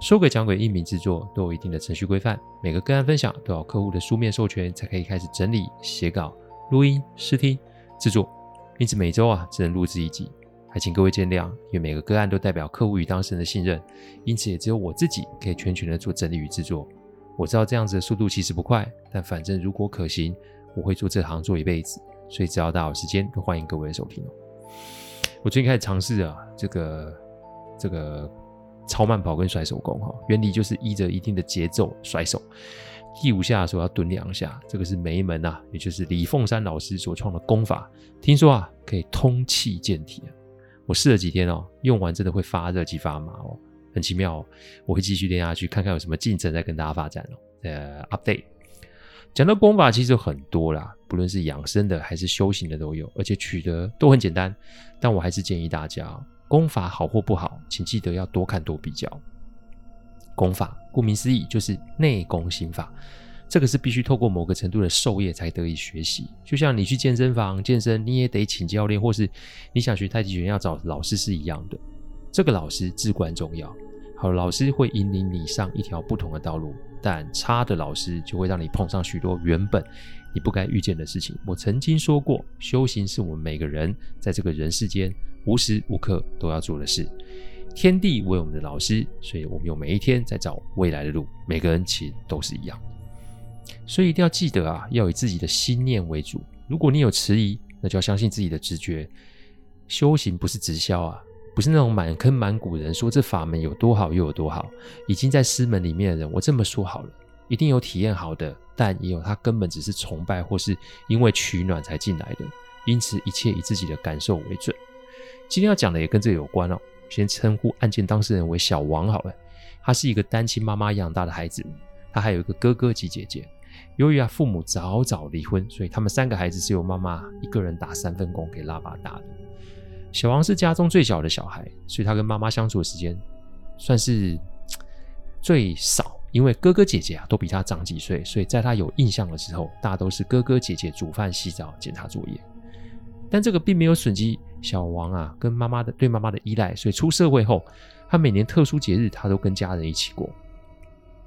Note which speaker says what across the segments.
Speaker 1: 說詭講鬼音頻製作都有一定的程序規範，每個個案分享都要客戶的書面授權才可以開始整理、寫稿、錄音、試聽、製作。因此每周啊只能錄製一集，還請各位見諒。因為每個個案都代表客戶與當事人的信任，因此也只有我自己可以全權的做整理與製作。我知道這樣子的速度其實不快，但反正如果可行，我會做這行做一輩子。所以只要大家有時間都歡迎各位的收聽。我最近開始嘗試啊，這個這個。超慢跑跟甩手功、哦，原理就是依着一定的節奏甩手，第五下的時候要蹲兩下，這個是梅門，啊，也就是李鳳山老師所創的功法，聽說啊可以通氣健體、啊、我試了幾天哦，用完真的會發熱及發麻哦，很奇妙哦，我會繼續練下去，看看有什麼進展再跟大家發展哦，呃，update，講到功法其實很多啦，不論是養生的還是修行的都有，而且取得都很簡單，但我還是建議大家、哦。功法好或不好，請記得要多看多比較。功法顧名思義就是內功心法，這個是必須透過某個程度的授業才得以學習。就像你去健身房健身，你也得請教練，或是你想學太極拳要找老師是一樣的。這個老師至關重要。好，老師會引領你上一條不同的道路，但差的老師就會讓你碰上許多原本你不該遇見的事情。我曾經說過，修行是我們每個人在這個人世間。無時無刻都要做的事，天地為我們的老師，所以我們有每一天在找未來的路。每個人其實都是一樣，所以一定要記得啊，要以自己的心念為主。如果你有遲疑，那就要相信自己的直覺。修行不是直銷啊，不是那種滿坑滿谷人說這法門有多好又有多好。已經在師門裡面的人，我這麼說好了，一定有體驗好的，但也有他根本只是崇拜或是因為取暖才進來的。因此，一切以自己的感受為準。今天要講的也跟這個有關哦。先稱呼案件當事人為小王好了。他是一個單親媽媽養大的孩子，他還有一個哥哥及姐姐。由於啊父母早早離婚，所以他們三個孩子是由媽媽一個人打三份工給拉拔大的。小王是家中最小的小孩，所以他跟媽媽相處的時間算是最少。因為哥哥姐姐啊都比他長幾歲，所以在他有印象的時候，大都是哥哥姐姐煮飯、洗澡、檢查作業。但這個並沒有損及。小王啊，跟媽媽的對媽媽的依賴，所以出社會後，他每年特殊節日他都跟家人一起過。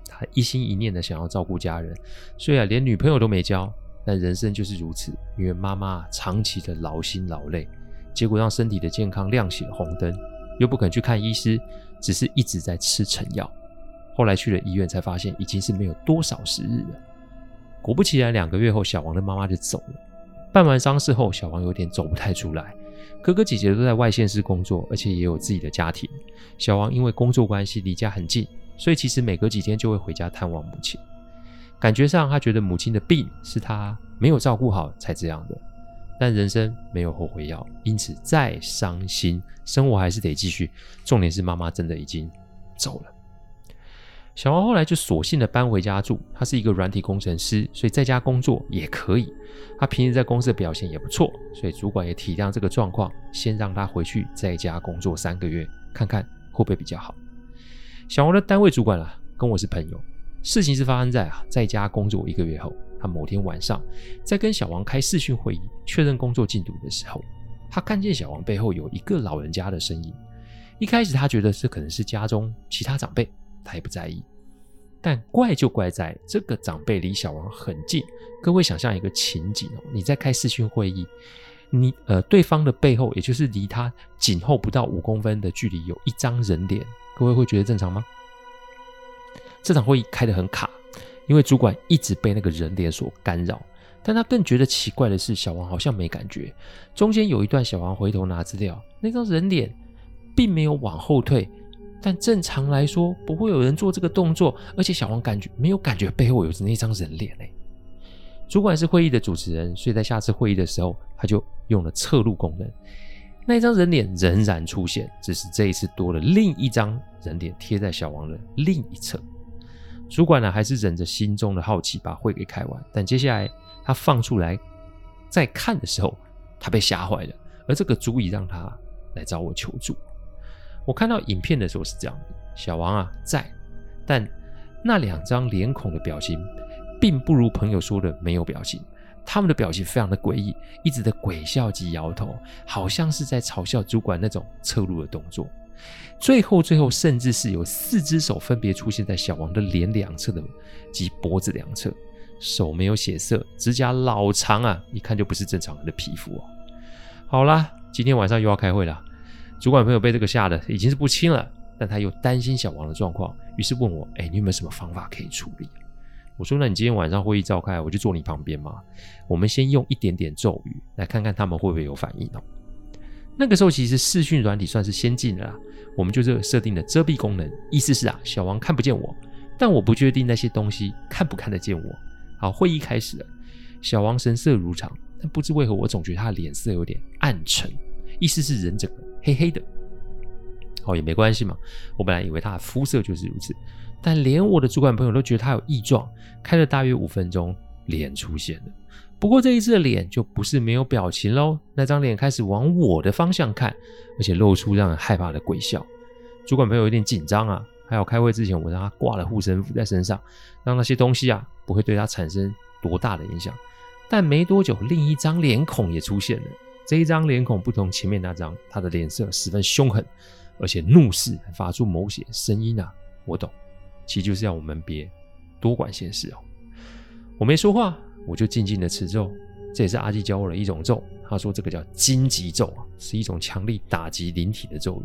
Speaker 1: 他一心一念的想要照顧家人，雖然連女朋友都沒交，但人生就是如此。因為媽媽長期的勞心勞累，結果讓身體的健康亮起了紅燈，又不肯去看醫師，只是一直在吃成藥。後來去了醫院，才發現已經是沒有多少時日了。果不其然，兩個月後，小王的媽媽就走了。辦完喪事後，小王有點走不太出來。哥哥姐姐，都在外縣市工作，而且也有自己的家庭。小王因為工作關係離家很近，所以其實每隔幾天就會回家探望母親。感覺上，他覺得母親的病是他沒有照顧好才這樣的。但人生沒有後悔藥，因此再傷心，生活還是得繼續。重點是，媽媽真的已經走了。小王後來就索性的搬回家住。他是一個軟體工程師，所以在家工作也可以。他平時在公司的表現也不錯，所以主管也體諒這個狀況，先讓他回去在家工作三個月，看看會不會比較好。小王的單位主管啊，跟我是朋友。事情是發生在啊，在家工作一個月後，他某天晚上在跟小王開視訊會議，確認工作進度的時候，他看見小王背後有一個老人家的身影。一開始他覺得這可能是家中其他長輩。他也不在意，但怪就怪在這個長輩離小王很近。各位想象一個情景：哦，你在開視訊會議，你呃，對方的背後，也就是離他頸後不到五公分的距離，有一張人臉。各位會覺得正常嗎？這場會議開得很卡，因為主管一直被那個人臉所干擾。但他更覺得奇怪的是，小王好像沒感覺。中間有一段，小王回頭拿資料，那張人臉並沒有往後退。但正常來說，不會有人做這個動作，而且小王感覺沒有感覺背後有着那張人臉嘞、欸。主管是會議的主持人，所以在下次會議的時候，他就用了側錄功能，那一張人臉仍然出現，只是這一次多了另一張人臉貼在小王的另一側。主管呢，還是忍着心中的好奇把會給開完，但接下來他放出來再看的時候，他被嚇壞了，而這個足以讓他來找我求助。我看到影片的時候是這樣的：小王啊，在，但那兩張臉孔的表情，並不如朋友說的沒有表情，他們的表情非常的詭異，一直的詭笑及搖頭，好像是在嘲笑主管那種側錄的動作。最後，最後，甚至是有四隻手分別出現在小王的臉兩側的及脖子兩側，手沒有血色，指甲老長啊，一看就不是正常人的皮膚哦。好啦，今天晚上又要開會了。主管朋友被這個嚇得已經是不輕了，但他又擔心小王的狀況，於是問我：“哎、欸，你有沒有什麼方法可以處理？”我說：“那你今天晚上會議召開，我就坐你旁邊嘛。我們先用一點點咒語，來看看他們會不會有反應哦、喔。”那個時候其實視訊軟體算是先進了啦，我們就這個設定了遮蔽功能，意思是啊，小王看不見我，但我不確定那些東西看不看得見我。好，會議開始了，小王神色如常，但不知為何我總覺得他臉色有點暗沉，意思是人整個。黑黑的，哦也沒關係嘛。我本來以為他的膚色就是如此，但連我的主管朋友都覺得他有異狀。開了大約五分鐘，臉出現了。不過這一次的臉就不是沒有表情嘍，那張臉開始往我的方向看，而且露出讓人害怕的鬼笑。主管朋友有點緊張啊，還好開會之前我讓他掛了護身符在身上，讓那些東西啊不會對他產生多大的影響。但沒多久，另一張臉孔也出現了。這一張臉孔不同前面那張，他的臉色十分凶狠，而且怒視，還發出某些聲音啊。我懂，其實就是要我們別多管閒事哦。我沒說話，我就靜靜的持咒。這也是阿基教我的一種咒，他說這個叫荊棘咒啊，是一種強力打擊靈體的咒語。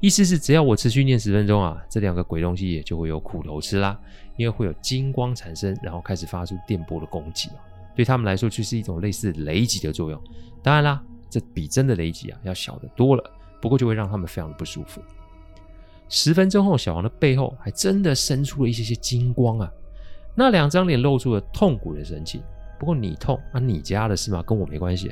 Speaker 1: 意思是只要我持續念十分鐘啊，這兩個鬼東西也就會有苦頭吃啦，因為會有金光產生，然後開始發出電波的攻擊啊、喔。對他們來說卻是一種類似雷擊的作用。當然啦。這比真的雷擊啊要小得多了，不過就會讓他們非常的不舒服。十分鐘後，小王的背後還真的生出了一些些金光啊，那兩張臉露出了痛苦的神情。不過你痛啊，你家的事嘛，跟我沒關係。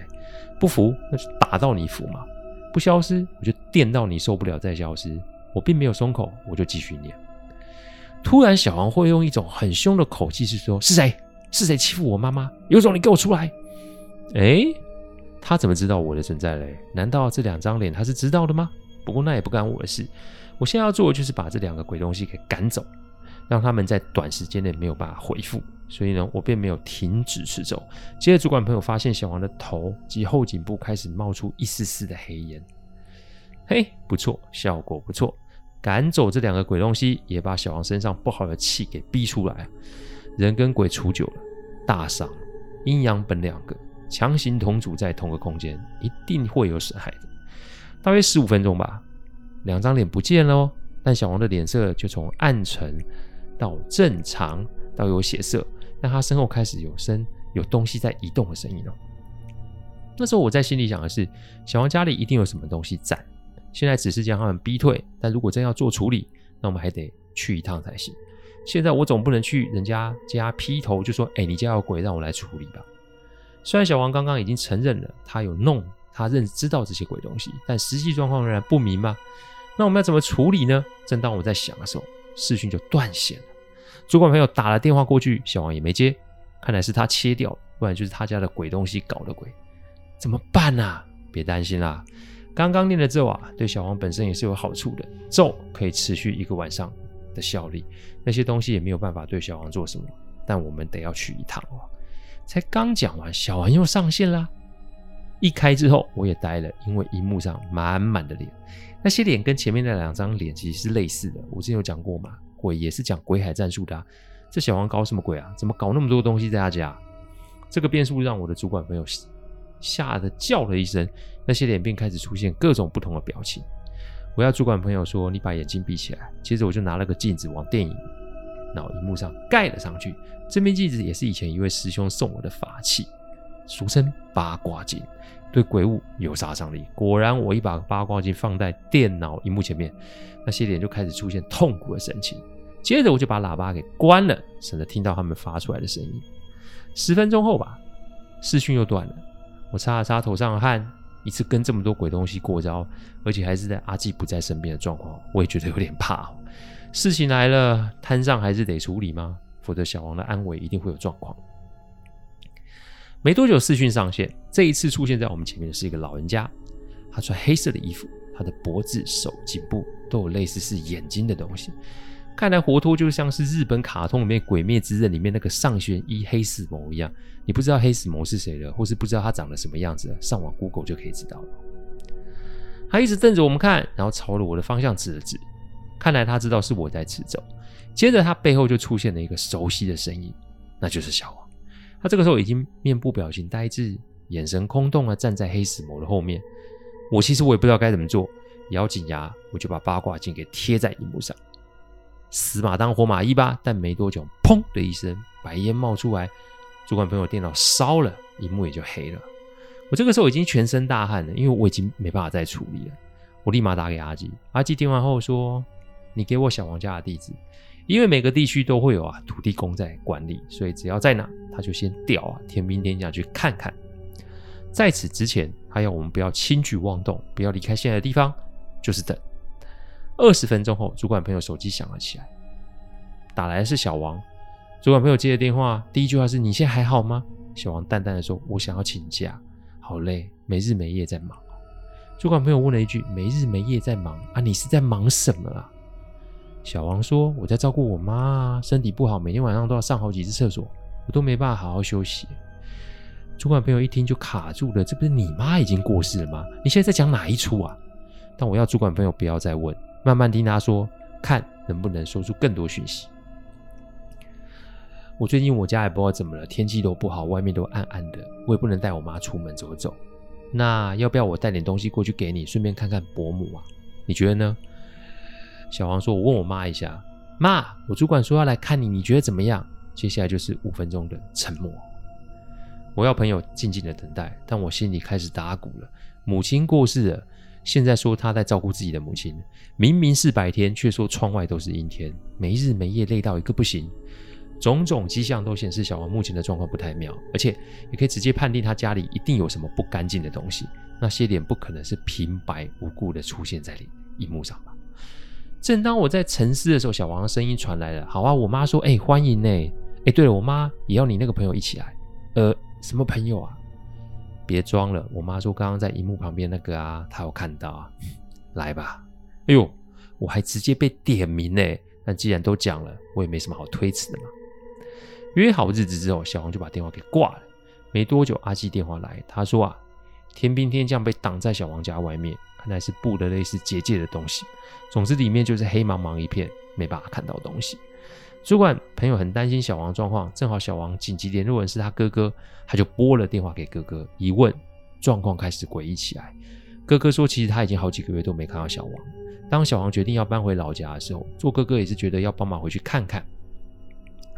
Speaker 1: 不服那就打到你服嘛，不消失我就電到你受不了再消失。我並沒有鬆口，我就繼續念。突然，小王會用一種很凶的口氣是說：“是誰？是誰欺負我媽媽？有種你給我出來！”哎。他怎麼知道我的存在嘞？難道這兩張臉他是知道的嗎？不過那也不干我的事。我現在要做的就是把這兩個鬼東西給趕走，讓他們在短時間內沒有辦法回復。所以呢，我並沒有停止施咒。接着，主管朋友發現小王的頭及後頸部開始冒出一絲絲的黑煙。嘿，不錯，效果不錯。趕走這兩個鬼東西，也把小王身上不好的氣給逼出來。人跟鬼處久了，大傷陰陽本兩個。強行同處在同個空間，一定會有損害的。大約十五分鐘吧，兩張臉不見了哦。但小王的臉色就從暗沉到正常，到有血色。但他身後開始有聲，有東西在移動的聲音哦。那時候我在心裡想的是，小王家裡一定有什麼東西在。現在只是將他們逼退。但如果真要做處理，那我們還得去一趟才行。現在我總不能去人家家劈頭就說：“哎、欸，你家有鬼，讓我來處理吧。”雖然小王剛剛已經承認了他有弄，他認知道這些鬼東西，但實際狀況仍然不明嘛。那我們要怎麼處理呢？正當我在想的時候，視訊就斷線了。主管朋友打了電話過去，小王也沒接，看來是他切掉了，不然就是他家的鬼東西搞的鬼。怎麼辦啊？別擔心啦、啊，剛剛念的咒啊，對小王本身也是有好處的。咒可以持續一個晚上的效力，那些東西也沒有辦法對小王做什麼。但我們得要去一趟哦、啊。才剛講完，小王又上線啦。一開之後，我也呆了，因為熒幕上滿滿的臉，那些臉跟前面那兩張臉其實是類似的。我之前有講過嘛，鬼也是講鬼海戰術的啊。這小王搞什麼鬼啊？怎麼搞那麼多東西在他家啊？這個變數讓我的主管朋友嚇得叫了一聲。那些臉便開始出現各種不同的表情。我要主管朋友說：“你把眼睛閉起來。”接着我就拿了個鏡子往電影腦螢幕上蓋了上去。這面鏡子也是以前一位師兄送我的法器，俗稱八卦鏡，對鬼物有殺傷力。果然，我一把八卦鏡放在電腦螢幕前面，那些臉就開始出現痛苦的神情。接着，我就把喇叭給關了，省得聽到他們發出來的聲音。十分鐘後吧，視訊又斷了。我擦了擦頭上的汗，一次跟這麼多鬼東西過招，而且還是在阿季不在身邊的狀況，我也覺得有點怕哦。事情來了，攤上還是得處理嗎？否則小王的安危一定會有狀況。沒多久，視訊上線，這一次出現在我們前面的是一個老人家，他穿黑色的衣服，他的脖子、手、頸部都有類似是眼睛的東西，看來活脫就像是日本卡通裡面《鬼滅之刃》裡面那個上弦一黑死牟一樣。你不知道黑死牟是誰了，或是不知道他長得什麼樣子了，上網 Google 就可以知道了。他一直瞪着我們看，然後朝着我的方向指了指。看來他知道是我在持咒。接着，他背後就出現了一個熟悉的聲音，那就是小王。他這個時候已經面部表情呆滯，眼神空洞啊，站在黑死魔的後面。我其實我也不知道該怎麼做，咬緊牙，我就把八卦鏡給貼在螢幕上，死馬當活馬醫吧。但沒多久，砰的一聲，白煙冒出來，主管朋友電腦燒了，螢幕也就黑了。我這個時候已經全身大汗了，因為我已經沒辦法再處理了。我立馬打給阿基，阿基聽完後說。你給我小王家的地址，因為每個地區都會有啊土地公在管理，所以只要在哪，他就先調啊，天兵天將去看看。在此之前，他要我們不要輕舉妄動，不要離開現在的地方，就是等。二十分鐘後，主管朋友手機響了起來，打來的是小王。主管朋友接的電話，第一句話是：“你現在還好嗎？”小王淡淡的說：“我想要請假。”好累，沒日沒夜在忙。主管朋友問了一句：“沒日沒夜在忙啊？你是在忙什麼啊？”小王說：“我在照顧我媽，身體不好，每天晚上都要上好幾次廁所，我都沒辦法好好休息。”主管朋友一聽就卡住了：“這不是你媽已經過世了嗎？你現在在講哪一出啊？”但我要主管朋友不要再問，慢慢聽他說，看能不能說出更多訊息。我最近我家也不知道怎麼了，天氣都不好，外面都暗暗的，我也不能帶我媽出門走走。那要不要我帶點東西過去給你，順便看看伯母啊？你覺得呢？小王說：“我問我媽一下，媽，我主管說要來看你，你覺得怎麼樣？”接下來就是五分鐘的沉默。我要朋友靜靜的等待，但我心裡開始打鼓了。母親過世了，現在說她在照顧自己的母親，明明是白天，卻說窗外都是陰天，沒日沒夜累到一個不行。種種跡象都顯示小王目前的狀況不太妙，而且也可以直接判定他家裡一定有什麼不乾淨的東西。那些臉不可能是平白無故的出現在你螢幕上吧？正當我在沉思的時候，小王的聲音傳來了：“好啊，我媽說，哎、欸，歡迎呢。誒、欸、對了，我媽也要你那個朋友一起來。呃，什麼朋友啊？別裝了，我媽說剛剛在熒幕旁邊那個啊，她有看到啊。嗯、來吧，哎喲，我還直接被點名呢。那既然都講了，我也沒什麼好推辭的嘛。約好日子之後，小王就把電話給掛了。沒多久，阿基電話來，他說啊。”天兵天將被擋在小王家外面，看來是布的類似結界的東西。總之，裡面就是黑茫茫一片，沒辦法看到東西。主管朋友很擔心小王的狀況，正好小王緊急聯絡人是他哥哥，他就撥了電話給哥哥，一問狀況開始詭異起來。哥哥說，其實他已經好幾個月都沒看到小王。當小王決定要搬回老家的時候，做哥哥也是覺得要幫忙回去看看。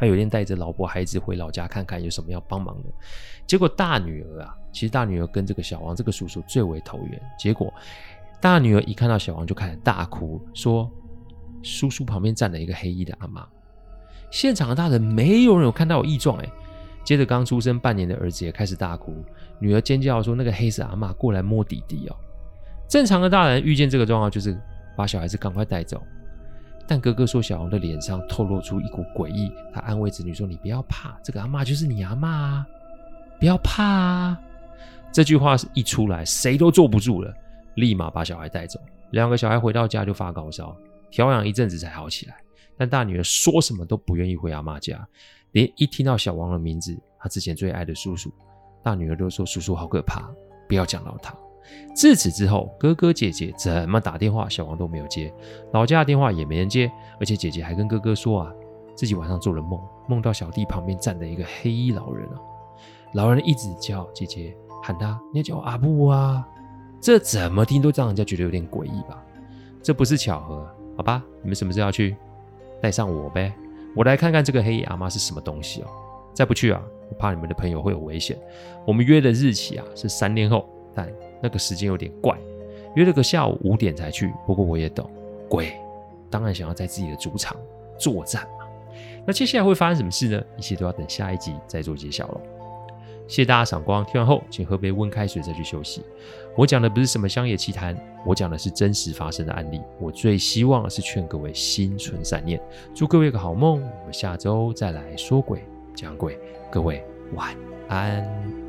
Speaker 1: 他有天帶着老婆孩子回老家看看有什麼要幫忙的，結果大女兒啊，其實大女兒跟這個小王這個叔叔最為投緣。結果大女兒一看到小王就開始大哭說，說叔叔旁邊站了一個黑衣的阿嬤。現場的大人沒有人有看到有異狀哎、欸。接着剛出生半年的兒子也開始大哭，女兒尖叫說那個黑衣阿嬤過來摸弟弟哦。正常的大人遇見這個狀況就是把小孩子趕快帶走。但哥哥說，小王的臉上透露出一股詭異。他安慰子女說：“你不要怕，這個阿嬤就是你阿嬤啊，不要怕啊。”這句話是一出來，誰都坐不住了，立馬把小孩帶走。兩個小孩回到家就發高燒，調養一陣子才好起來。但大女兒說什麼都不願意回阿嬤家，連一聽到小王的名字，她之前最愛的叔叔，大女兒都說叔叔好可怕，不要講到他。自此之後，哥哥姐姐怎麼打電話，小王都沒有接，老家的電話也沒人接，而且姐姐還跟哥哥說啊，自己晚上做了夢，夢到小弟旁邊站着一個黑衣老人啊，老人一直叫姐姐，喊她，你要叫阿布啊，這怎麼聽都讓人家覺得有點詭異吧？這不是巧合啊，好吧？你們什麼時候要去？帶上我唄，我來看看這個黑衣阿嬤是什麼東西哦。再不去啊，我怕你們的朋友會有危險。我們約的日期啊是三天後，但。那個時間有點怪，約了個下午五點才去。不過我也懂，鬼當然想要在自己的主場作戰嘛。那接下來會發生什麼事呢？一切都要等下一集再做揭曉了。謝謝大家賞光，聽完後請喝杯溫開水再去休息。我講的不是什麼鄉野奇談，我講的是真實發生的案例。我最希望的是勸各位心存善念，祝各位一個好夢。我們下周再來說鬼講鬼，各位晚安。